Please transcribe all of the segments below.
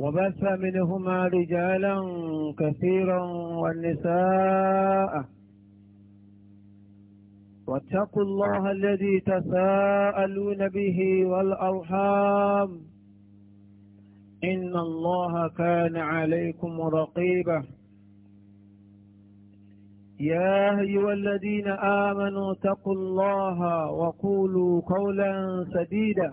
وبث منهما رجالا كثيرا والنساء واتقوا الله الذي تساءلون به والأرحام إن الله كان عليكم رقيبا يا أيها الذين آمنوا اتقوا الله وقولوا قولا سديدا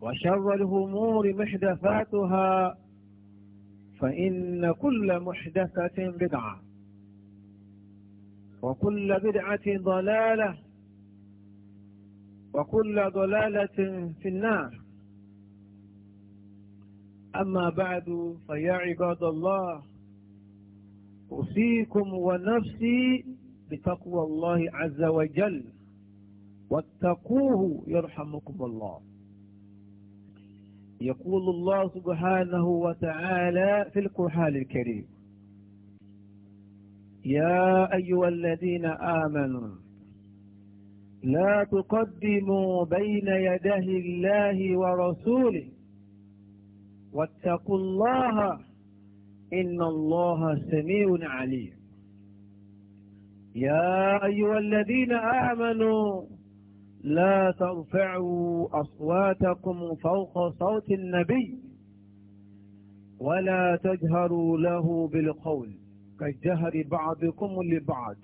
وشر الأمور محدثاتها فإن كل محدثة بدعة وكل بدعة ضلالة وكل ضلالة في النار أما بعد فيا عباد الله أوصيكم ونفسي بتقوى الله عز وجل واتقوه يرحمكم الله يقول الله سبحانه وتعالى في القرآن الكريم يا أيها الذين آمنوا لا تقدموا بين يدي الله ورسوله واتقوا الله إن الله سميع عليم يا أيها الذين آمنوا لا ترفعوا أصواتكم فوق صوت النبي ولا تجهروا له بالقول كجهر بعضكم لبعض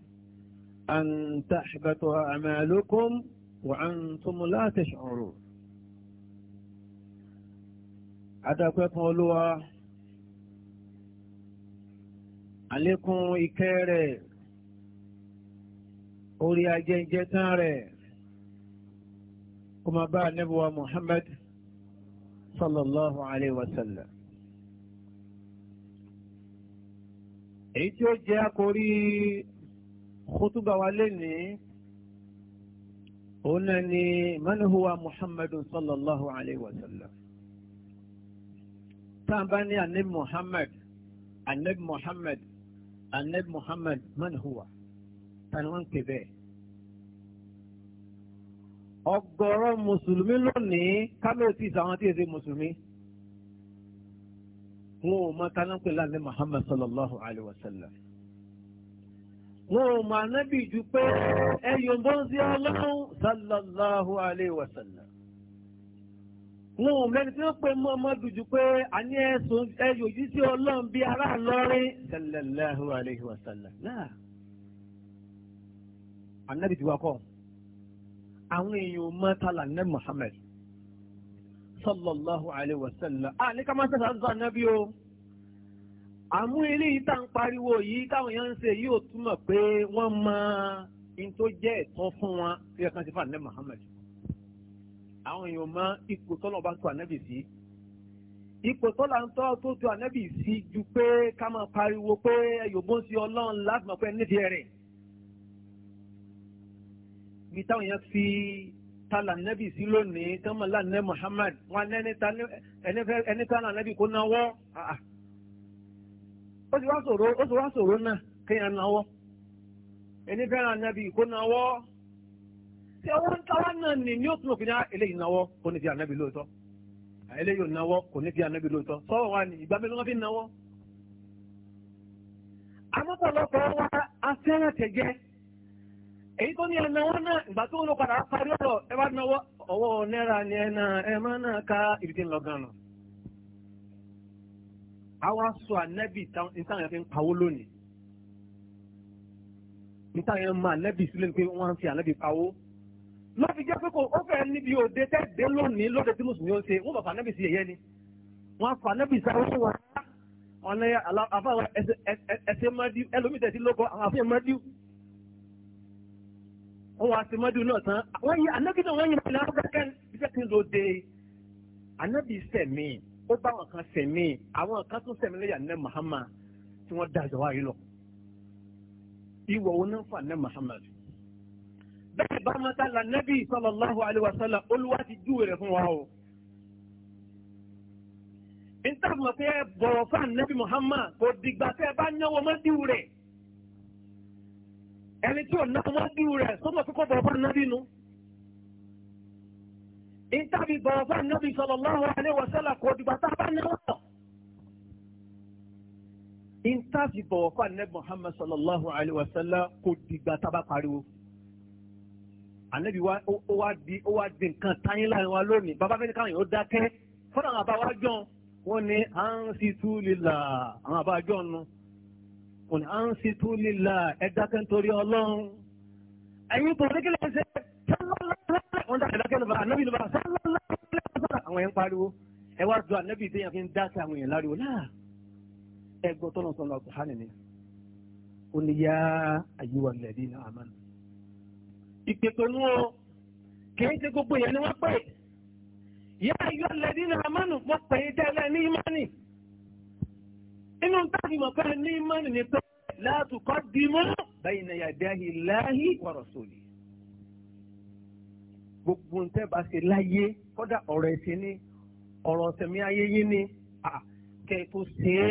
أن تحبط أعمالكم وأنتم لا تشعرون هذا قولوا عليكم إكاري أولي أجنجتان kó máa bá anábíwá Muhammad sallallahu alayhi wa sallam. èyí tí ó jẹ́ àkórí kútúbà wa lénìí òun náà ni man huwa Muhammad sallallahu alayhi wa sallam. tá a bá ní anábí Muhammad anábí Muhammad anábí Muhammad man huwa tani wọ́n bẹ́ẹ̀ ọ̀gọ̀rọ̀ mùsùlùmí lónìí kámẹ́tì sàwọn tí èsè mùsùlùmí wọn ò mọ tánà pẹ̀lú àlẹ́ Muhammad sallallahu alayhi wa sallam wọn ò mọ anábì ju pé ẹ̀yọ̀ bó ń sí ọlọ́run sallallahu alayhi wa sallam wọn ò mẹ́ni tí wọ́n pe mọ́mọ́dù ju pé a ní ẹ̀sùn ẹ̀yọ̀ yìí sí ọlọ́run bíi ará lọ́rin sallallahu alayhi wa sallam anábì ti wá kọ́ àwọn èèyàn mọ́tàlá ní Muhammad sallallahu alayhi wa sallam a ní ká máa ṣe sàdúrà nábì o àmú eléyìí tá à ń pariwo yìí táwọn èèyàn ń ṣe yìí ò túmọ̀ pé wọ́n mọ in tó jẹ́ ẹ̀tọ́ fún wọn bí ẹ̀ka ti fà ní Muhammad àwọn èèyàn mọ ipò tọ́lọ̀ bá tó ànábì sí ipò tọ́lá ń tọ́ tó tó ànábì sí ju pé ká máa pariwo pé ẹ̀yọ̀gbọ́n sí ọlọ́run láti mọ̀ pé nídìí rẹ̀ ibi táwọn èèyàn fi tala nẹ́bì sí lónìí tẹ́wọ́n là nẹ́ Muhammad wọn ẹni tala nẹ́bì kó náwọ́ ó sì wá sòro ó sì wá sòro náà kéèyàn náwọ́ ẹni fẹ́ràn nẹ́bì kó náwọ́ tí ọwọ́ ń tawá náà nì ní òtún òfin náà eléyìí náwọ́ kò ní fi ànẹ́bì lóòótọ́ ah, eléyìí ò náwọ́ kò ní fi ànẹ́bì lóòótọ́ sọ́wọ́ wa ní ìgbà mélòó wọn fi náwọ́ amọ́pọ̀lọpọ̀ wa afẹ́ràn tẹ̀jẹ́ èyí tó ní ẹ̀nà wọn náà ìgbà tó ń lọ padà parí ọ̀rọ̀ ẹ bá náwó ọwọ́ náírà ni ẹ̀nà ẹ máa náà ká ìrìtì ńlọgán nù. àwa sọ ànẹ́bì nítawọn yẹn fi ń pawó lónìí nítawọn yẹn máa ànẹ́bì sílẹ̀ pé wọ́n á fi ànẹ́bì pawó. lọ́ fi jẹ́ pé kò ó fẹ́ níbi òde tẹ́gbẹ́ lónìí lóde tí mùsùlùmí ó ṣe wọ́n bàbá ànẹ́bì sí ẹ̀yẹ́ ni wọ́n fa ànẹ́bì sáré wọn. ọ̀nà àfáwọn ẹsẹ̀ mọ́díù ẹlòmíì wọ́n wá sí mọ́dún náà tán wọ́n yin anábì náà wọ́n yin bàtà áfíríkà bí jẹ́ kí n lò dé anábì sẹ̀mí ó bá àwọn kan sẹ̀mí àwọn kan tún sẹ̀mí lẹ́yìn anábì Muhammad tí wọ́n da àjọwá yìí lọ ìwọ̀ wọn náà fún anábì Muhammad bẹ́ẹ̀ bá máa tàlà anábì sallallahu alaihi wasallam olúwa ti júwe rẹ̀ fún wa o nítorí mo fẹ́ bọ̀wọ̀ fún anábì Muhammad kò dìgbà fẹ́ bá náwó mọ́tíwù rẹ̀ ẹni tí ọ̀nà tó máa ń dúró rẹ̀ sọ́mọ̀ kíkọ́ bọ̀ fún anábì nu. ìtàbí bọ̀ fún anábì sallallahu alaihi wasallam kò dìgbà tá a bá náwó tọ̀. ìtàbí bọ̀ fún anábì Muhammad sallallahu alaihi wasallam kò dìgbà tá a bá pariwo. anábì wa ó wá di ó wá di nǹkan táyín láàrin wa lónìí bàbá fẹ́ni káwọn yóò dákẹ́ fọ́nà àwọn àbáwájọ́ wọn ni à ń ṣitú lílà àwọn àbáwájọ́ nu kò ní à ń ṣe tú lílà ẹ̀dákẹ́ nítorí ọlọ́run ẹ̀yin tó ní kí lè ṣe wọ́n dá ẹ̀dákẹ́ lọ́ba ànábì lọ́ba àwọn yẹn ń pariwo ẹ wá ju ànábì téèyàn fi ń dá sí àwọn yẹn láriwo náà ẹgbọ́ tọ́nà sọ̀rọ̀ àkùhánì ni ó ní yá àyíwá inú táàbì mọ̀ pẹ́ẹ́ ní mọ́nì ni pé la tuqaddimu bayna yadayi Allahi wa rasuli. gbogbo ń tẹ́ bá ṣe láyé kọ́dà ọ̀rọ̀ ẹ̀sìn ni ọ̀rọ̀ ọ̀sẹ̀mí ayé yín ni kẹ́ ẹ tó ṣe é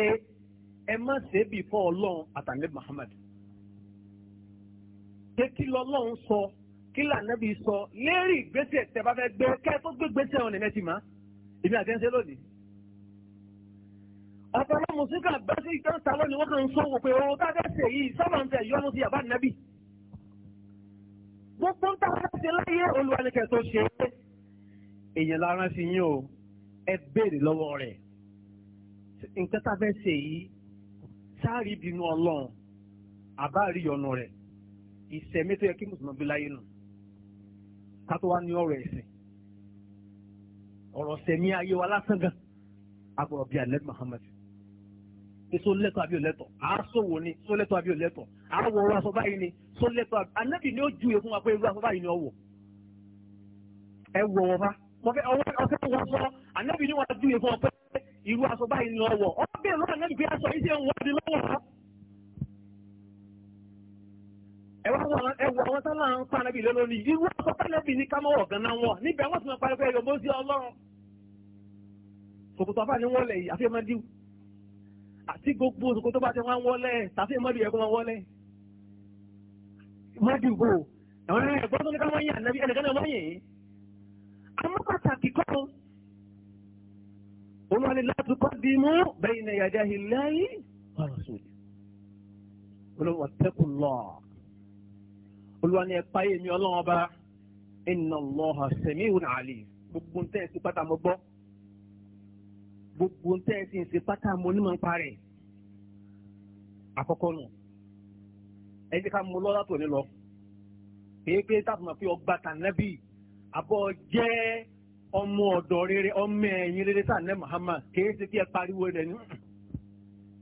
ẹ má ṣe é bì fọ́ ọlọ́run àtàlẹ́ Muhammad. pé kí lọ́lọ́run sọ kí lànàbí sọ lérí ìgbésẹ̀ tẹ́ bá fẹ́ gbé kẹ́ ẹ tó gbé gbésẹ̀ ọ̀ àtàwọn mùsùlùmí àgbà sí ìtàn sálọ́ ni wọ́n kàn ń sọ̀rọ̀ pé owó tá a fẹ́ yìí sábà ń tẹ̀ yọ́nu sí àbá nàbì. gbogbo ń tàwọn ṣe láyé olùwànìkẹ́ tó ṣe é. èèyàn lára fi yín o ẹ béèrè lọ́wọ́ rẹ̀. nǹkan tá a fẹ́ ṣe yìí sáàrí ìbínú ọlọ́run àbá rí yọ́nú rẹ̀. ìṣẹ̀mí tó yẹ kí mùsùlùmí bí láyé nù. ká tó wá ní ọ̀rọ̀ ẹ̀sìn. ọ̀rọ̀ sẹ̀mí ayé wa lásán gan. agbọ̀rọ̀ bíi alẹ́ Muhammad pé só lẹ́tọ̀ àbí òlẹ́tọ̀ à á sòwò ni só lẹ́tọ̀ àbí òlẹ́tọ̀ à á wọ ọrọ̀ aṣọ báyìí ni só lẹ́tọ̀ àbí anábì ni ó ju èkún wa pé irú aṣọ báyìí ni ọwọ́ ẹ wọ ọba ọfẹ ọfẹ wọn sọ anábì ni wọn ju èkún wa pé irú aṣọ báyìí ni ọwọ́ ọbẹ̀ lọ́wọ́ anábì pé aṣọ yìí ṣe ń wọ́ọ̀dì lọ́wọ́ ẹwà àwọn tá náà ń pa anábì lé lónìí irú aṣọ tánábì ní kámọ́wọ̀ gan-an wọn níbẹ̀ wọ́n ti máa parí pé ẹ̀yọ́ bó sí ọlọ́run kòkòtò afáàní wọn lẹ̀ yìí àfihàn máa dín àti gbogbo òsùnkú tó bá ti wọ́n wọlé tàbí mọ́dù yẹ kó wọ́n wọlé mọ́dù bò àwọn ẹ̀rọ ẹ̀gbọ́n tó ní ká wọ́n yàn nàbí ẹnìkan náà wọ́n yìn àmọ́ pàtàkì kọ́ olùwàlẹ̀ láti kọ́ di mú bẹ́ẹ̀ ni yàda ìlẹ́yì ọ̀rọ̀ sódì olùwà tẹ́kùn lọ olùwàlẹ̀ ẹ̀pá yèmí ọlọ́wọ́n bá inna Allaha sami'un alim gbogbo ntẹ́ ẹ̀sìn pátá mo gbọ́ gbogbo ń tẹ́ ẹ sì ń ṣe pátá mo ní mọ̀ ń parẹ́ àkọ́kọ́ nù ẹ jẹ́ ká mú lọ́lá tó ní lọ kéèké tábùmọ̀ pé ọgbà tànẹ́bì àbọ̀ jẹ́ ọmọ ọ̀dọ̀ rere ọmọ ẹ̀yìn rere sànẹ́ Muhammad kéè ṣe kí ẹ pariwo rẹ̀ ní.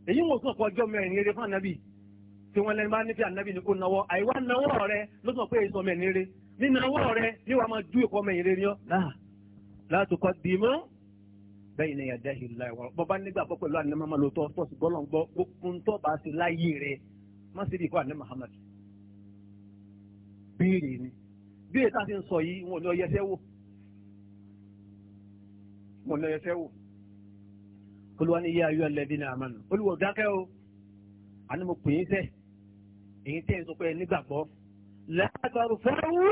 èyí wọn sọ pé ọjọ́ ọmọ ẹ̀yìn rere fún ànábì tí wọ́n lẹ́nu bá nífẹ̀ẹ́ ànábì ní kó nawọ́ àìwá nawọ́ rẹ ló sọ pé èso ọmọ ẹ̀yìn rere nínú nawọ́ rẹ ní wàá máa ju ìkọ́ ọmọ ẹ̀yìn rere yọ. látòkọ dìímọ́ bẹ́ẹ̀ ni yàda ìlà ìwà bọ́bá nígbàgbọ́ pẹ̀lú àná mọ́mọ́ lóòótọ́ tọ́sí gbọ́ lọ́n gbọ́ gbókun tó bá ti láyé rẹ̀ má sì bí ikọ́ àná Muhammad béèrè ni béèrè tá a ti ń sọ yìí wọn ò ní ọyẹ fẹ́ wò wọn ò ní ọyẹ fẹ́ wò olúwa ni yíyá yọ lẹ́bí ní àmàlù olúwa dákẹ́ o àní mo pè é fẹ́ èyí tẹ́ ẹ̀ sọ pé nígbàgbọ́ látàrú fẹ́ wú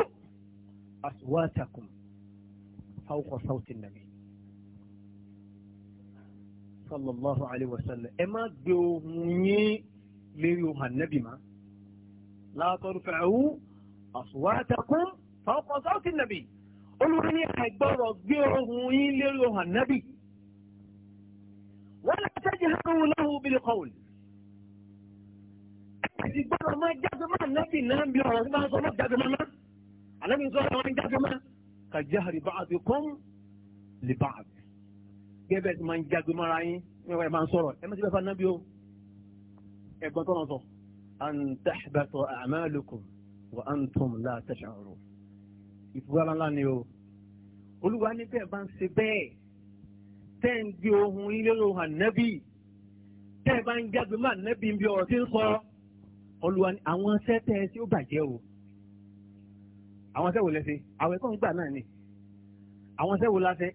صلى الله عليه وسلم اما دوني ليوها النبي ما لا ترفعوا اصواتكم فوق صوت النبي قولوا لي اكبر دوني ليوها النبي ولا تجهروا له بالقول اكبر ما جزم النبي نعم بيوها ما جزم ما انا من زوجة ما جزم كجهر بعضكم لبعض gẹ́gẹ́ tí máa ń jágbe mọ́ra yín níwáyé máa ń sọ̀rọ̀ ẹ má ti bẹ́ẹ̀ fún anábì o ẹ̀gbọ́n tó náà sọ. an tahbata a'malukum wa antum la tash'urun. ìfúgbàlá ńlá ni o olúwa ní bẹ́ẹ̀ bá ń ṣe bẹ́ẹ̀ tẹ́ ń gbé ohun ilé ohun ànábì tẹ́ bá ń jágbe mọ́ ànábì bí ọ̀rọ̀ ti ń sọ olúwa ní àwọn sẹ́tẹ̀ tí ó bàjẹ́ o àwọn sẹ́wò lẹ́sẹ̀ àwọn sẹ́wò lásẹ̀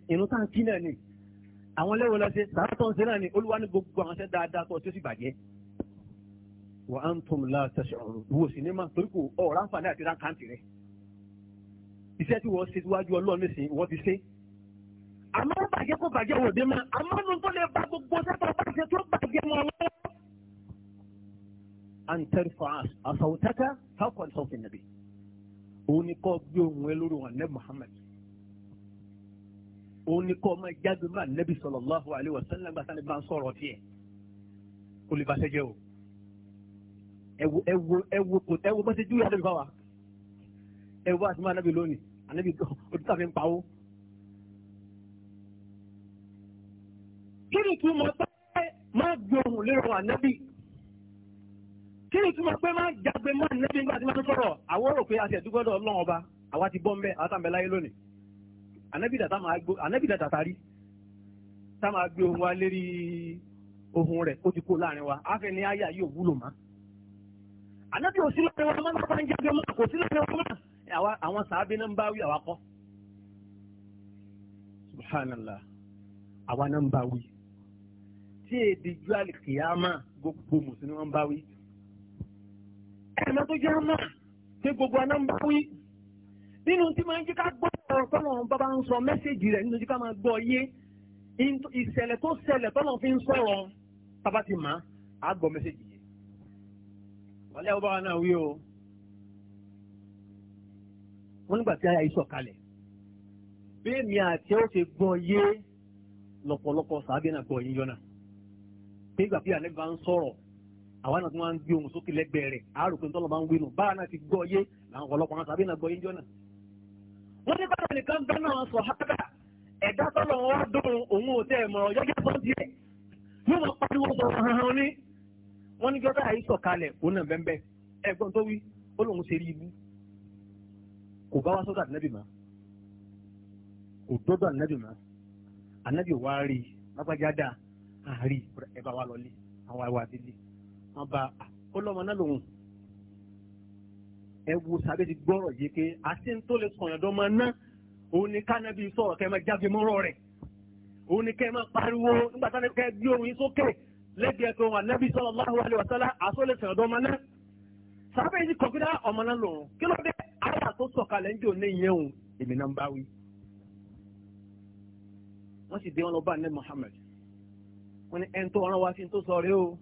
àwọn lẹ́wọ̀n lọ sí sàrà tó ń ṣe náà ni olúwa ní gbogbo àwọn ṣẹ́ dáadáa tó tó sì bàjẹ́. wa antum la tash'urun wo sì ní ma torí kò ọ̀rọ̀ àǹfààní àti ráńkàǹtì rẹ̀ iṣẹ́ tí wọ́n ṣe síwájú ọlọ́run nísìnyí wọ́n ti ṣe. àmọ́ bàjẹ́ kó bàjẹ́ wò dé ma àmọ́ nu tó lè ba gbogbo sẹ́tọ̀ bàjẹ́ tó bàjẹ́ mọ́ wọn. an tarfa asawtaka fawqa sawti nabi òun ni kò gbé ohùn ẹ lórí wọn nẹ́ Muhammad òun ni kọ́ ọmọ jáde máa nẹ́bí sallallahu alaihi wasallam gbàtà ní bá ń sọ̀rọ̀ tiẹ̀ kó lè bá ṣe jẹ́ o ẹwo ẹwo ẹwo kò ẹwo bá ṣe júwe ànábì fáwa ẹwo àti máa ànábì lónìí ànábì òtítà fi ń pawó. kí ni tí mo pẹ́ máa gbé lérò ànábì kí ni tí mo pẹ́ máa jágbe máa ànábì nígbà tí wọ́n ti sọ̀rọ̀ àwọn rò pé ẹ̀dúgbọ́dọ̀ ọlọ́run ọba àwa ti bọ́ ń bẹ́ àwa lónìí anábìdà tàtàrí tá máa gbé ohun wa lérí ohun rẹ̀ ó ti kó láàrin wa afẹ́ ní àyà yóò wúlò má. anábì ò sí lọ́pẹ́ wọn máa ń sábà ń jẹ́ ọmọ kò sí lọ́pẹ́ wọn máa àwọn sàábé náà ń bá wí àwa kọ́. subhanallah àwa náà ń bá wí tí èdè ju àlìkìyàmà gbogbo mùsùlùmí wọn ń bá wí. ẹ̀rọ tó jẹ́ ọmọ pé gbogbo aná ń bá wí nínú tí máa ń jẹ́ ká gbọ́ ọ̀rọ̀ tọ́lọ́run bàbá ń sọ mẹ́sẹ̀gì rẹ̀ nínú tí ká máa gbọ́ yé ìṣẹ̀lẹ̀ tó ṣẹlẹ̀ tọ́lọ́run fi ń sọ̀rọ̀ tábà ti mà á gbọ́ mẹ́sẹ̀gì yẹn. wàlẹ́ ọba wa náà wí o wọ́n nígbà tí a yà iṣọ̀ kalẹ̀ bí èmi àti ẹ̀ ó ti gbọ́ yé lọ́pọ̀lọpọ̀ sàábẹ́ náà gbọ́ yín yọ́nà pé ìgbà bí gbé ohùn sókè lẹ́gbẹ̀ẹ́ rẹ̀ àárò pé ń bá ń wí nù báwa náà ti gbọ́ yé làwọn ọ̀pọ̀lọpọ̀ àwọn sàábẹ́ náà gbọ́ yín yọ́nà wọ́n ní bàbá nìkan bẹ́ẹ̀ náà sọ hábà ẹ̀dá tọ́lọ̀ wọn dùn òun ò tẹ́ ẹ̀ mọ̀ ọjọ́ jẹ́ fọ́n tiẹ̀ yóò mọ pariwo sọ̀rọ̀ hàn ní. wọ́n ní jọ́dá yìí sọ̀kalẹ̀ òun náà bẹ́ẹ̀ ẹ̀gbọ́n tó wí ó lóun ṣe rí ibú kò bá wá sọ́dọ̀ ànábì mọ́ kò dọ́dọ̀ ànábì mọ́ ànábì wá rí lágbájá dáa àárí ẹ̀ bá wá lọ lé àwọn àwa àdílé wọ́n bá ah, ó lọ́mọ náà lòun ẹ wo sàbẹ́ ti gbọ́rọ̀ yìí pé àti tó lè sọ̀yàn dọ́ máa ná òun ni kánábì sọ̀rọ̀ kẹ́ máa jáde mọ́rọ̀ rẹ̀ òun ni kẹ́ máa pariwo nígbà tá kẹ́ gbé ohun yín sókè lẹ́gbẹ̀ẹ́ pé wọn ànábì sallallahu alaihi wasallam àtó lè sọ̀yàn dọ́ máa ná sàbẹ́ yìí kọ̀kídá ọmọ náà lòun kí ló dé àyà tó sọ̀kalẹ̀ ń jò ní ìyẹn òun èmi náà ń bá wí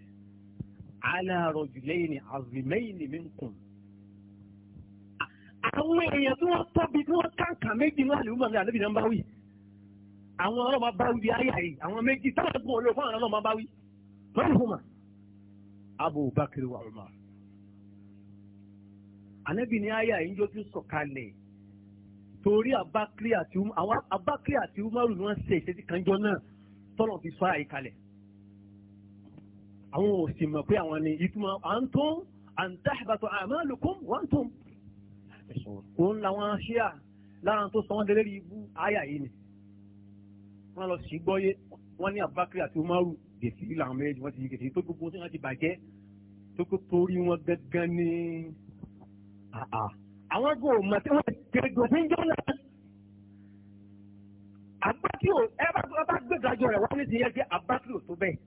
ala rajulaini azimaini minkum. àwọn èèyàn tí wọ́n tóbi tí wọ́n kàǹkà méjì ní àlùmọ̀ ní àlùbí náà ń bá wí. àwọn ọlọ́mọ bá wí ayé àyè àwọn méjì táwọn ẹgbẹ́ olóò fún àwọn ọlọ́mọ bá wí. wọ́n ti fún ma. Abu Bakr wa Umar. ànábì ní ayé àyè ń jójú sọ̀kalẹ̀ torí Abakiri àti Umaru ni wọ́n ṣe ìṣesí kanjọ náà tọ́lọ̀ fi sọ àyíkalẹ̀ àwọn ò sì mọ̀ pé àwọn ni ìtumọ̀ antum an tahbatu a'malukum wa antum. òun làwọn ṣíà lára tó sọ wọ́n délé rí ibú àyà yìí ni wọ́n lọ sí gbọ́yé wọ́n ní Abubakar àti Umaru gèsì làwọn méjì wọ́n ti gèsì tó gbogbo tí wọ́n ti bàjẹ́ tó kó torí wọn gángan ní àwọn kò mọ̀ tí wọ́n gbẹ̀gbẹ̀ fún jọ́nà. àgbà tí ò ẹ bá gbẹ̀dájọ́ rẹ̀ wọ́n ní ti yẹ kí Abubakar ò tó bẹ́ẹ̀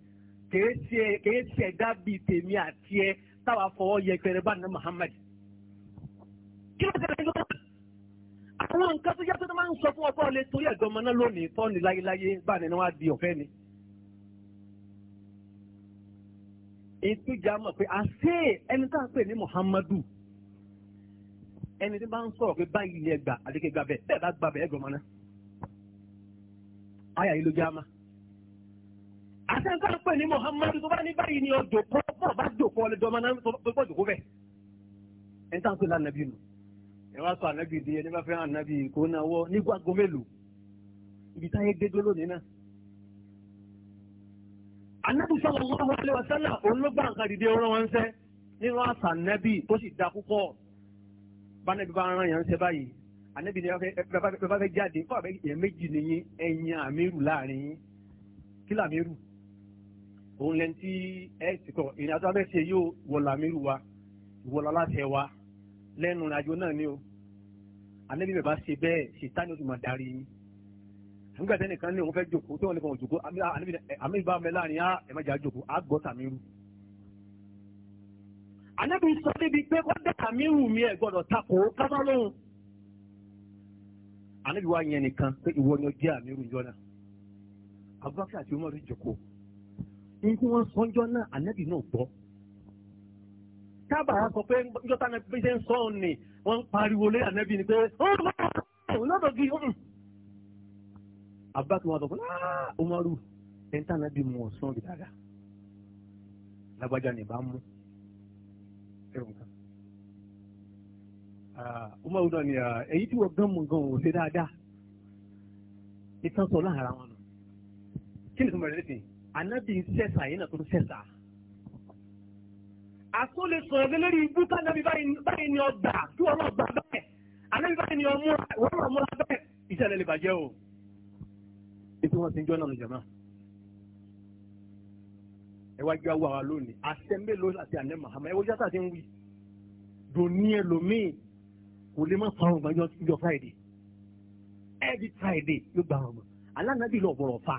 kèé ti ẹ̀dá bíi tèmi àti ẹ táwa fọwọ́ yẹpẹrẹ bá ní Muhammad. kí ló tẹ̀lé lọ́wọ́ àwọn nǹkan tó yẹ tó máa ń sọ fún ọgbọ́n lè torí ẹ̀dọ́ ọmọ náà lónìí tọ́ ni láyéláyé bá ní wá di ọ̀fẹ́ ni. ìtújà mọ̀ pé àṣé ẹni tá a ń pè ní Muhammadu ẹni tí bá ń sọ̀rọ̀ pé báyìí ni ẹgbà àdékẹ́gbà bẹ́ẹ̀ bẹ́ẹ̀ bá gbà bẹ́ẹ̀ ẹ̀dọ́ ọmọ náà. ayà yìí ló jẹ́ àmà àtẹ́ńtà pè ní Muhammadu tó bá ní báyìí ni ọjọ́ pọ̀ bá jòkó ọlẹ́ dọ́mọ náà tó pọ̀ jòkó bẹ́ẹ̀ ẹ̀ ń tàn pé lànàbí nù ẹ̀ wá sọ ànábì di ẹni bá fẹ́ ànábì kó náà wọ nígbà gomelu ibi táyé dédó lónìí náà. ànábì sallallahu alaihi wasallam òun ló gbà nǹkan dìde ọ̀rọ̀ wọn ṣẹ́ nínú àṣà ànábì tó sì da púpọ̀ bánàbí bá ń rán yàn ń ṣe báyìí ànábì ni bàbá fẹ́ jáde kọ́ àbẹ́ èèyàn méjì nìyí ẹ̀yìn àmírù láàrin yín kí làmírù òun lẹ́ni tí ẹ ti tọ̀ ìrìn àjò abẹ́sẹ̀ yóò wọ̀là mírù wa ìwọ̀là láti ẹ̀ wa lẹ́nu ìrìn àjò náà ni o alẹ́ bíbẹ̀ bá ṣe bẹ́ẹ̀ ṣètá ni ó ti mọ̀ darí yín nígbà tẹ́nì kan ní òun fẹ́ jòkó tí wọ́n ní fọwọ́n jòkó àmì ìbá mẹ́ láàrin á ẹ̀ má jòkó á gbọ́ tàmírù. ànábì sọ débi pé kó dé tàmírù mi ẹ̀ gbọ́dọ̀ takò kábà lóhùn. ànábì wa yẹn nìkan pé ìwọ ni ó jẹ́ àmírù ìjọ náà ní tí wọ́n sọ́njọ́ náà ànábì náà gbọ́. kábàá sọ pé njọ́ tá ànábì ṣe ń sọ ọ́ ni wọ́n ń pariwo lé ànábì ni pé ó ń bá òun náà dọ̀gí ọ̀hún. àbúrò wọn sọ fún ah, Umaru ẹni tá ànábì mú ọ̀sán gidara lágbájá ni bá mú ẹrù nǹkan. Ah, Umaru náà ni ah, èyí tí wọ́n gán mú gan ò ṣe dáadáa. ìtàn sọ láàárọ̀ wọn nù kí ni tó mọ̀ rẹ̀ lẹ́sìn yìí ànábì ń sẹ̀sà yìí náà tó ń sẹ̀sà. àtún lè sọ̀rọ̀ gẹ́gẹ́ lórí ibú kánábì báyìí ni ọgbà tí wọ́n lọ gbà bẹ́ẹ̀ ànábì báyìí ni wọ́n lọ múra bẹ́ẹ̀ ìṣẹ̀lẹ̀ lè bàjẹ́ o. ètò wọn ti ń jọ́ náà nìjọba. ẹ wá gbé wa lónìí àṣẹ mélòó àti àná mahama ẹ wọ́n jẹ́ àtàtì ń wí. dòní ẹlòmíì kò lè má fa ọgbà jọ Friday every Friday ló gba ọgbà alánàbì lọ bọ̀rọ̀ fa.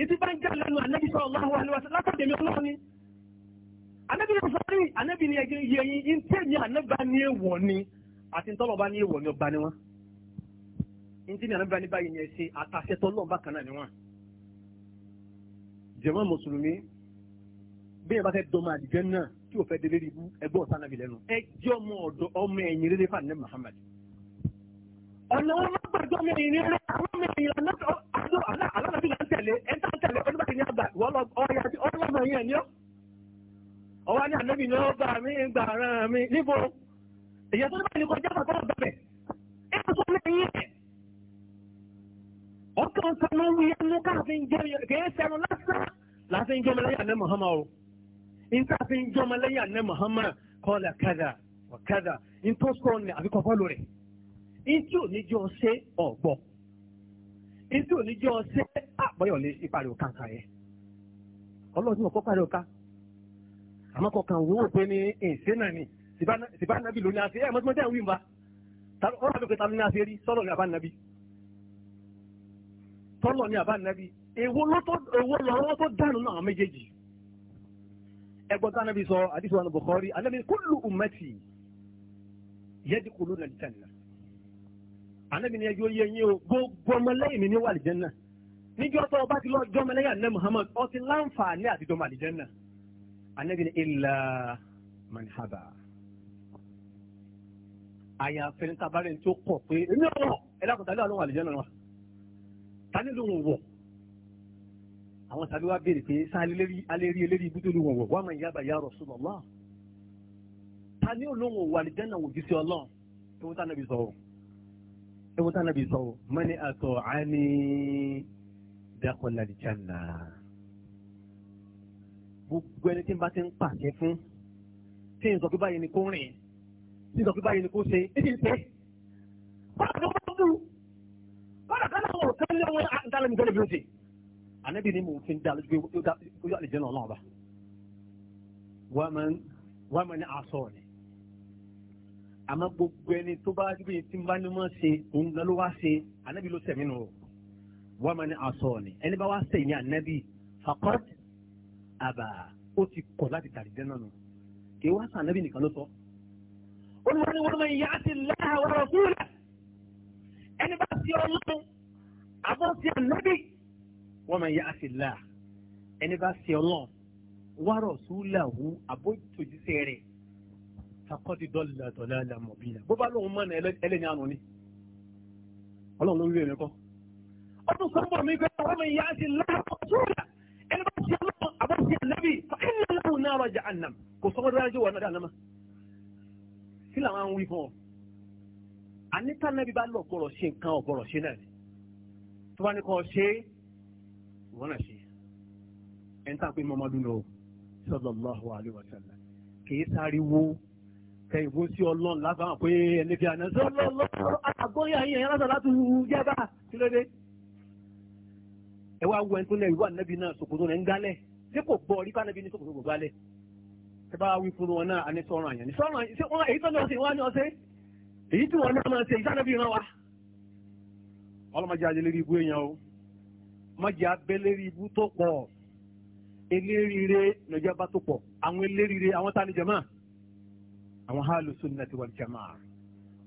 ìdí bá ń jà lẹ́nu ànábì sallallahu alaihi wasallam látàdé mi ọlọ́run ni ànábì ní sọ́rí ànábì ní ẹgbẹ́ iye yín ń tẹ̀lé ànábà ní èèwọ̀ ni àti ntọ́lọ̀ bá ní èèwọ̀ ni ọba ni wọ́n ntí ní ànábà ní báyìí ni ẹ ṣe àtàṣẹ tọ́lọ̀ bákan náà ni wọ́n. jàmá mùsùlùmí bí ẹ bá fẹ́ dọ́mọ àdìjẹ́ náà tí ò fẹ́ délé ibú ẹgbẹ́ ọ̀sán ànábì Muhammad ọ̀nà wọn bá gbàjọ́ mi ìrìn rẹ̀ àwọn mi ìrìn ọ̀nà àjọ alánàbí là ń tẹ̀lé ẹ̀ńtà ń tẹ̀lé oníbàtí ní àgbà wọ́lọ́ ọ̀yà tí ọlọ́mọ yẹn ni ọ́ ọwọ́ ní ànábì ni ó gbà mí gbà ràn mí níbo èyí tó níbàtí kọjá bàtà ọ̀bẹ̀bẹ̀ ẹ̀ tó lẹ́yìn ẹ̀ ọkàn sanu wíyẹnu káàfin jẹ kẹsẹnu lásán láàfin jọmọ lẹ́yìn àná Muhammadu ìtàfin jọmọ lẹ́yìn àná Muhammadu kọ́lá kádà wà kádà ìtọ́sọ̀ ni àbíkọ́ fọ́lù rẹ̀ ntí oníjọ́ ṣe ọ̀gbọ́ ntí oníjọ́ ṣe àpọ̀yọ̀ lè ṣe pariwo kankan yẹn ọlọ́run ọ̀kọ́ pariwo ká àmọ́ kọ̀ọ̀kan wò ó pé ní ìṣe náà ni sìbá nàbí ló ní àṣẹ ẹ̀ mọ́tí mọ́tí ẹ̀ wí mba ọ̀rọ̀ àbẹ̀kẹ́ ta ló ní àṣẹ rí sọ́lọ̀ ní àbá nàbí tọ́lọ̀ ní àbá nàbí èwo lọ́wọ́ tó dànù náà méjèèjì ẹgbọ́n tá nàbí sọ àdìsọ́wọ́n Bukhari anábì kullu ummati yadkhuluna al-jannah anabi ni ẹjọ́ yẹ yín o gbogbo ọmọlẹ́yìn mi ní wà àlìjẹ́nà níjọ́ tó ọba ti lọ jọ ọmọlẹ́yìn àná Muhammad ọtí láǹfààní àti jọmọ àlìjẹ́nà anabi ni ilà manhaba àyà fẹnitabarẹ̀ tó kọ̀ pé èmi ọ̀rọ̀ ẹ̀dá kò tàbí àwọn àlìjẹ́nà wa tani ló ń wọ̀ àwọn tàbí wa béèrè pé sá alérí eléri ibùdó ló ń wọ̀ wà máa ń yábà ya Rasulullah tani olóhùn wà àlìjẹ́nà òjíṣẹ́ ọlọ́run tó ń tàn ewu tá nàbí sọ mọ́ni àtọ̀ àní dákọ̀ládì jàǹdà gbogbo ẹni tí n bá ti ń pàṣẹ fún tí n sọ pé báyìí ni kò rìn tí n sọ pé báyìí ni kò ṣe é ti tẹ́ báyìí ni kò dùn báyìí kan náà wọ̀ kán lé wọn àdálẹ́ mi gbọ́dọ̀ bí ó ṣe ànábì ni mò ń fi dá lójú pé ó yọ àlejò náà náà bá wàá mọ̀ ní àṣọ ni àmọ́ gbogbo ẹni tó bá bí ti ń bá ní mọ́ ṣe òun ló wá ṣe ànábì ló sẹ̀mí nù o wọ́n máa ní aṣọ ni ẹni bá wá sẹ̀yìn ànábì fakọ́t àbà ó ti kọ̀ láti tàrí dẹ́nà nù kí wọ́n sàn ànábì nìkan ló sọ. ó ní wọ́n ní wọ́n máa yá sí láhà wọ́rọ̀ kúrò ẹni bá sí ọlọ́run àbọ̀ sí ànábì wọ́n máa yá sí láhà ẹni bá sí ọlọ́run wọ́rọ̀ sùúlà wù àbójútó jíṣẹ́ rẹ̀ fakọ́dí dọ́là dọ́là làmọ̀ bí la bó bá lóun mọ̀nà ẹlẹ́ni àánú ni ọlọ́run ló ń rí èmi kọ́. ọdún sọ́ńbọ̀ mi gbé ọ̀rọ̀ mi yá sí láàbọ̀ sóòlà ẹni bá ti ọlọ́run àbá ti ànábì ẹni lọ́wọ́ náà rọjà ànàm kò sọ́kọ́ dára jẹ́ wà náà dáná kí làwọn àwọn wí fún ọ. àníta náà bí bá lọ gbọ́rọ̀ ṣe nǹkan ọ̀gbọ́rọ̀ ṣe náà ni tó bá ní kọ́ ṣe ìwọ náà ṣe ẹni tá a pè mọ́ ọmọdún lọ sallallahu alaihi wasallam kì í sáré wo kẹ̀yìnbó sí ọlọ́run lábàá pé ẹni fi àná sọ lọ́lọ́ àgbóyè ayé ẹ̀yán lásán láti wù jábà kílódé. ẹ wá wọ ẹni tó lẹ́yìn wà nẹ́bí náà ṣòkòtò rẹ̀ ń gálẹ̀ ṣé kò gbọ́ rí kánẹ́bí ní ṣòkòtò kò gálẹ̀. ẹ bá wí fún wọn náà àní sọ̀rọ̀ àyàn ní sọ̀rọ̀ àyàn ṣé wọn èyí tó lọ sí wọn ni ọ̀sẹ̀ èyí tí wọn náà máa ṣe ìsánẹ́bí rán wa. ọlọ́mọdé ajé lérí ibú èèyàn o mọ̀jẹ̀ abẹ́ lérí ibú tó pọ̀ elérire lọ́jọ́ bá tó pọ̀ àwọn elérire àwọn tánijọ́ máa àwọn haalu sunnati wal jamaa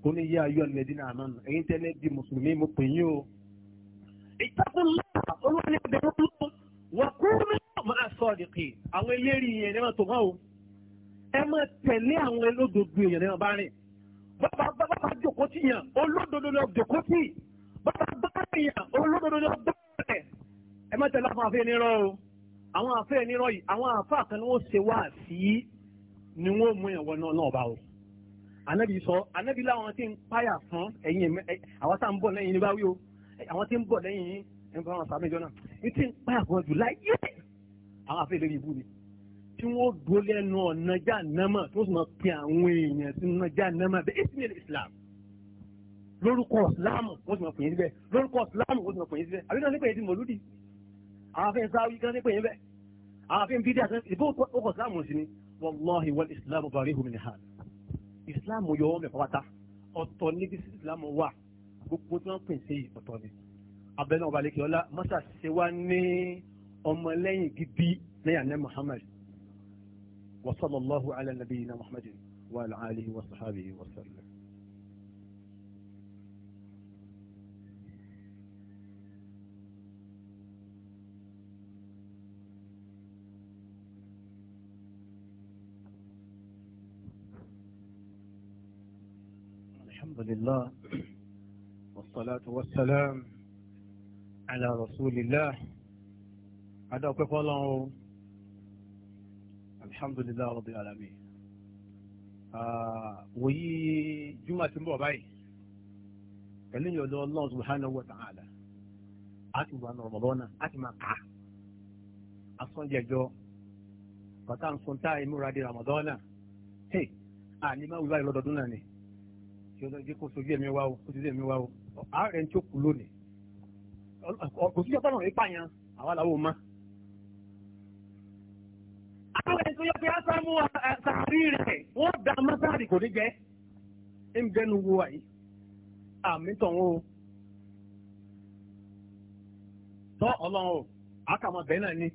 ó ní yá ayọ́ alladina amanu ẹ̀yin tẹ́lẹ̀ di mùsùlùmí mo pè yín o. ìtàkùnlá olóyè bẹ̀rẹ̀ olóko wà kúrú máa sọ ọ̀dìkì àwọn eléri yẹn ní wọn tó wọn o. ẹ máa tẹ̀lé àwọn olódodo èèyàn ní wọn bá rìn. bàbá bàbá bá jòkó tì yàn olódodo lọ jòkó tì. bàbá bàbá yàn olódodo lọ bá rẹ̀. ẹ máa tẹ̀lé àwọn àfẹ́ nírọ̀ o. àwọn àfẹ́ nírọ̀ yìí àwọn àfẹ́ àkànní wọn ṣe wá sí ni wọ́n mú ìyànwọ́ náà náà bá o anabi sọ anabi láwọn tí ń páyà fún ẹ̀yìn àwọn tá ń bọ̀ lẹ́yìn ní bá wí o àwọn tí ń bọ̀ lẹ́yìn yín ń bá wọn sàmì jọ náà ní tí ń páyà fún ọdún láyé àwọn afẹ́ ìlérí ibú mi tí wọ́n gbó lẹ́nu ọ̀nà já nẹ́mà tó sì máa pe àwọn èèyàn sí ọ̀nà já nẹ́mà bẹ́ẹ̀ ismail islam lórúkọ ìsìláàmù wọ́n sì máa pè é síbẹ̀ lórúkọ ìsìláàmù wọ́n sì máa pè é síbẹ̀ àbí kan ní pè é sí mọ̀lúdì àwọn afẹ́ sáwí kan ní pè é bẹ́ẹ̀ àwọn afẹ́ bídíà kan ìbò ọkọ̀ ìsìláàmù sí ni wàláhi wàl islam bàrí hùmìnì hàn islam yọ ọmọ ẹ̀fọ́ wáta ọ̀tọ̀ níbi islam wà gbogbo tí wọ́n pè sí ọ̀tọ̀ ni abẹ́nú ọba lẹ́kẹ̀ ọlá mọ́sà ṣe wá ní ọmọlẹ́yìn gidi lẹ́yìn àná muhammad wa sallallahu ala nabiyina muhammadin wa ala alihi wa sahabihi wa sallam. الحمد لله والصلاة والسلام على رسول الله هذا كيف الله الحمد لله رب العالمين وي جمعة مبعي كان يقول الله سبحانه وتعالى أتبع رمضان أتبع قع أصلا جاجو فتان سنتاي مرادي رمضان هي أعلم أولاي لدودنا ني kí ọlọ́run jẹ́ kó sojú ẹ̀mí wa o kó sojú ẹ̀mí wa o ààrẹ ń tó kú lónìí kò sí ọ̀tọ̀ náà ipa yẹn àwa làwọn ò mọ. àwọn ẹ̀sùn yọ pé ásámú àtàrí rẹ̀ wọ́n da mọ́sáàdì kò ní jẹ́ ń bẹnu wo àyè àmì tàn ó tọ́ ọlọ́run o àkàmọ̀ bẹ́ẹ̀ náà ni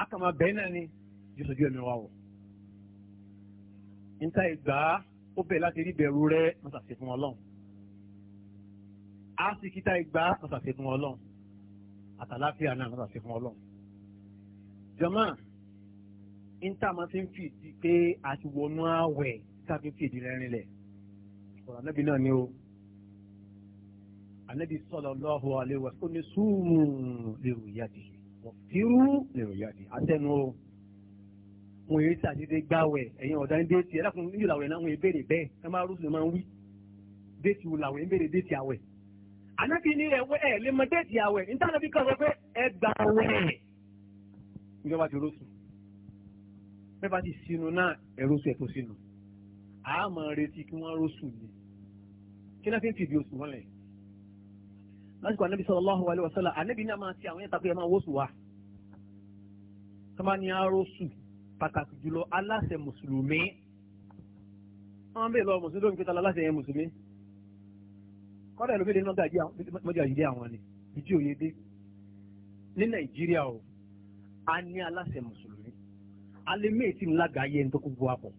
àkàmọ̀ bẹ́ẹ̀ náà ni jù sojú ẹ̀mí wa o. níta ìgbà á ó bẹ̀ láti rí bẹ̀rù rẹ mọ́sàsì fún ọlọ́run á sì kíta ìgbà mọ́sàsì fún ọlọ́run àtàláfíà náà mọ́sàsì fún ọlọ́run. jọ̀mọ́ íńtàmọ́ ti ń fìdí pé àti wọnú àwẹ̀ tàbí fìdí rẹ̀ rinlẹ̀ ọ̀rọ̀ anábì náà ni o anábì sallallahu alaihi wasallam ó ní sùúrù lèrò ìyá di wọ́n fírú lèrò ìyá di àtẹnu o wọn èyí tàdédé gbáwẹ̀ ẹ̀yin ọ̀dà ń déètì ẹ̀ lákùnrin níjọ́ làwẹ̀ náà wọn èbèrè bẹ́ẹ̀ ẹ máa rúṣù lè máa ń wí déètì wò làwẹ̀ ń bèrè déètì àwẹ̀. ànábì ní ẹ̀wẹ́ ẹ̀ lè mọ déètì àwẹ̀ níta ànábì kan sọ pé ẹ gbà wẹ̀. ìjọba ti rúṣù bẹ́ẹ̀ bá ti sinu náà ẹ̀ rúṣù ẹ̀ tó sinu a máa retí kí wọ́n rúṣù ni kí náà fi ń fìdí oṣù wọn lẹ̀. lásìkò ànábì sallallahu alaihi wasallam ànábì náà máa ti àwọn yẹn takò yẹn máa wọ́sù wa. tọ́ba ni a pàtàkì jùlọ aláṣẹ mùsùlùmí wọn bẹ lọ mùsùlùmí lóyún kíta aláṣẹ yẹn mùsùlùmí kọ́dà ló fẹ́lẹ́ nọ́gà mọ́jà ìdí àwọn ni ìdí òye dé ní nàìjíríà o a ní aláṣẹ mùsùlùmí alẹ́ méjì ńlá gàáyé ní tó kó bu apọ̀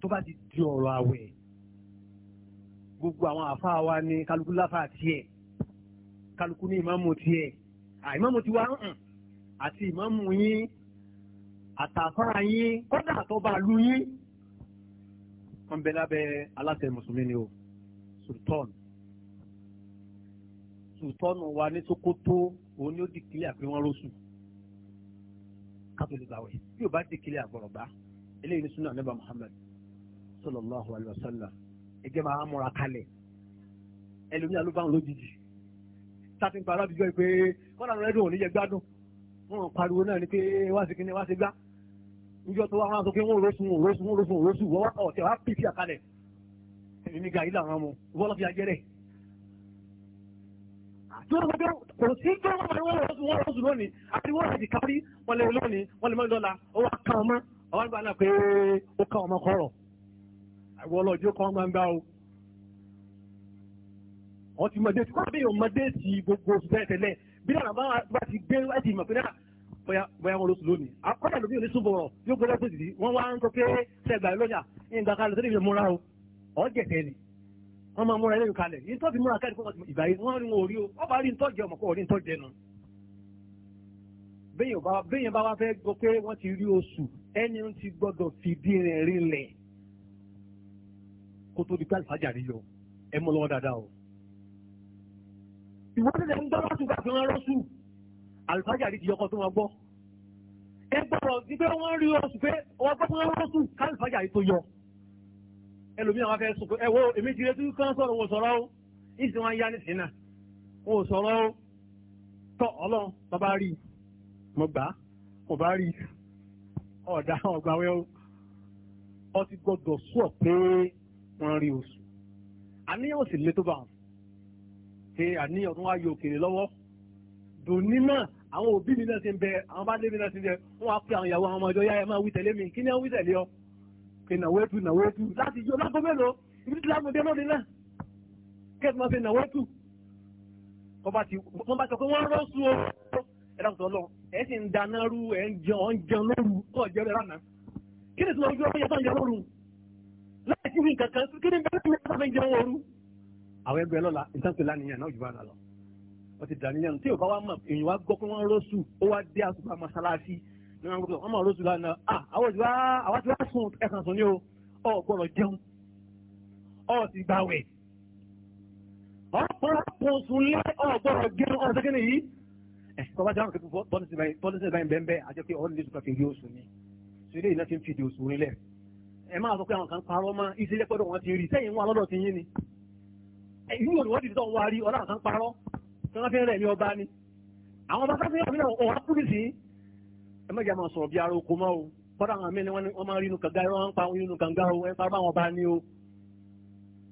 tó bá ti di ọ̀rọ̀ àwẹ̀ gbogbo àwọn àfáà wa ní kálukú láfà tiẹ̀ kálukú ní ìmáàmù tiẹ̀ àìmáàmù tiwa àti ìmáàmù yín àtàfáà yín kódà àtọ́ba lu yín wọ́n bẹ lábẹ́ aláṣẹ mùsùlùmí ni o sultan sultan wa ní Sokoto òun ni ó di kílíà pé wọ́n rọ́ṣù kátólíkà wẹ̀ bí o bá di kílíà gbọ̀rọ̀gbá eléyìí ní sunnah nebà Muhammad sallallahu alayhi wa sallam ẹgbẹ́ máa múra kalẹ̀ ẹlòmíràn ló bá wọn lójijì sáfìǹkà arábìjọ́ pé kọ́ńtà rẹ̀ dùn òní yẹ gbádùn wọn pariwo náà ni pé wá sí kíní wá sí gbá níjọ́ tó wá hàn sọ pé wọ́n rọ́sùn rọ́sùn rọ́sùn rọ́sùn wọ́n wá ọ̀tẹ̀ wá pèsè àkàlẹ̀ èmi gàrí làwọn ọmọ wọ́n lọ́ fi ajẹ́rẹ̀. àti wọ́n sọ pé kò sí tó wọ́n wọ́n rọ́sùn wọ́n rọ́sùn lónìí àti wọ́n rọ́sùn kárí wọ́n lè lónìí wọ́n lè mọ́ lọ́la ó wá kàn ọmọ àwọn àgbà náà pé ó kàn ọmọ kọ̀rọ̀ àwọn ọlọ́jọ́ kan gbangba o wọ́n ti mọ̀ déètì kọ́ bóyá wọn ló sùn lónìí akọ́dà lómi ò ní sùn bọ̀rọ̀ yóò gbọ́dọ̀ tó dìdí wọ́n wá ń sọ pé sẹ́gbà lọ́jà ìgbà kan lọ́sẹ̀ níbi múra o ọ̀ jẹ̀tẹ̀ ni wọ́n máa múra ẹlẹ́yìn kalẹ̀ yìí tó fi múra káàdì fún ìgbà yìí wọ́n rí wọn orí o wọ́n bá rí ntọ́jẹ ọmọ kọ́ orí ntọ́jẹ nu. béèyàn bá wá fẹ́ gbọ́ pé wọ́n ti rí oṣù ẹni tí gbọ́dọ̀ fìdí rẹ̀ rinlẹ̀ kó tó di pé àlùfáàjà rí yọ ẹ mú lọ́wọ́ dáadáa o. ìwọ́n ti lè ń gbọ́ lọ́sùn káfíńwá lọ́sùn àlùfáàjà rí ti yọkọ tó wọn gbọ́ ẹ gbọ́dọ̀ ní pé wọ́n rí oṣù pé wọ́n gbọ́ pé wọ́n rọ́ sùn kálùfáàjà rí tó yọ ẹlòmíràn wọn fẹ́ sùn pé ẹ wo èmi ti retí kán sọ̀rọ̀ wò sọ̀rọ̀ o ìsì wọn yá ní sínà wò sọ̀rọ̀ o tọ́ ọlọ́run bàbá rí i mo gbà á mo bá rí i ọ̀dà ọ̀gbà wẹ́ o ọ ti gbọ́dọ̀ sùọ̀ pé wọ́n rí oṣù àníyàn sì le tó bá wọn ṣe àníyàn tó wá yọ òkèlè lọ́wọ́ dòní náà àwọn òbí mi náà ti ń bẹ àwọn bá lé mi náà ti ń bẹ wọn á pe àwọn ìyàwó àwọn ọmọ ìjọ yáyà máa wí tẹ̀lé mi kí ni wọ́n wí tẹ̀lé ọ pé nàwẹ́tù nàwẹ́tù láti yọ lágbo mélòó ibi tí lágbo dé lónìí náà kẹ́ẹ̀tì máa fi nàwẹ́tù wọ́n bá ti wọ́n bá sọ pé wọ́n rọ́ sùn o ẹ dákun tó lọ ẹ sì ń dáná rú ẹ ń jẹun ọ̀n jẹun lóru kọ́ jẹun rẹ lánàá kí ni tí wọ́n fi wọ́n yẹ fún ìjẹun lóru láì sí nǹkan kan kí ni bẹ́ẹ̀ ni wọ́n fẹ́ jẹun ooru àwọn ẹgbẹ́ lọ́la ìtàn pè lánìyàn náà jù bá lọ wọ́n ti dàníyàn tí òbá wa mọ̀ èyàn wa gbọ́ pé wọ́n rọ́ṣù ó wá dé àtúbà mọ́ṣáláṣí ní wọn gbọ́dọ̀ wọ́n mọ̀ rọ́ṣù lánàá à àwọn ti wá àwọn ti wá sùn ẹ̀sán sùn ní o ọ̀ gbọ́dọ̀ jẹun ọ̀ sì gbàwẹ̀ ọ̀pọ̀lọpọ̀ sùn lé ọ̀ gbọ́dọ̀ jẹun ọ̀ sẹ́kẹ́ nìyí ẹ̀ tọ́ba jáwọn kẹ́kẹ́ bọ́ọ̀lù báyìí bẹ́ẹ̀ bẹ́ẹ̀ àjẹpẹ́ ọ̀rọ̀ nílùú kàfé yóò sùn ni sílé iná ti ń fìdí oṣù nílẹ̀ ẹ máa sọ pé àwọn kan parọ́ mọ́ ìṣẹ́lẹ̀ pẹ́ẹ́dọ̀ wọn ti rí sẹ́yìn wọn lọ́dọ̀ ti yín ni ìlú òní wọ́n ti sọ wọn wá rí ọ̀dà kan parọ́ tí wọ́n fi ń rẹ̀ ní ọba ni àwọn ọba sáfẹ́ àbí náà ọ̀wá kúrì sí ẹ mẹ́jọ máa sọ̀rọ̀ bí ara oko mọ́ o kọ́dà àwọn mí ni wọ́n máa rí inú kànga wọ́n ń pa inú kànga o ẹ̀ ń parọ́ báwọn ọba ni o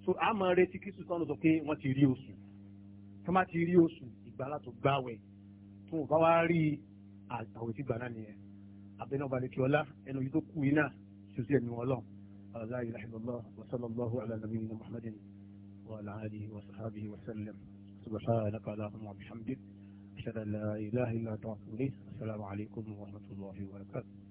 so a máa retí kí sùsọ́nù sọ pé wọ́n ti rí oṣù tó má ti rí oṣù ìgbà látò gbáwẹ̀ tó ò bá wá rí àwẹ̀ tí gbà nìyẹn abẹ́nú ọba ọlá ẹnu yìí tó kù yìí náà ṣoṣù ẹ̀mí wọn lọ ọ̀la ilaha illallah wa sallallahu ala nabiyina muhammadin wa ala alihi wa sahabihi wa سبحانك اللهم وبحمدك أشهد أن لا إله إلا أنت أستغفرك السلام عليكم ورحمة الله وبركاته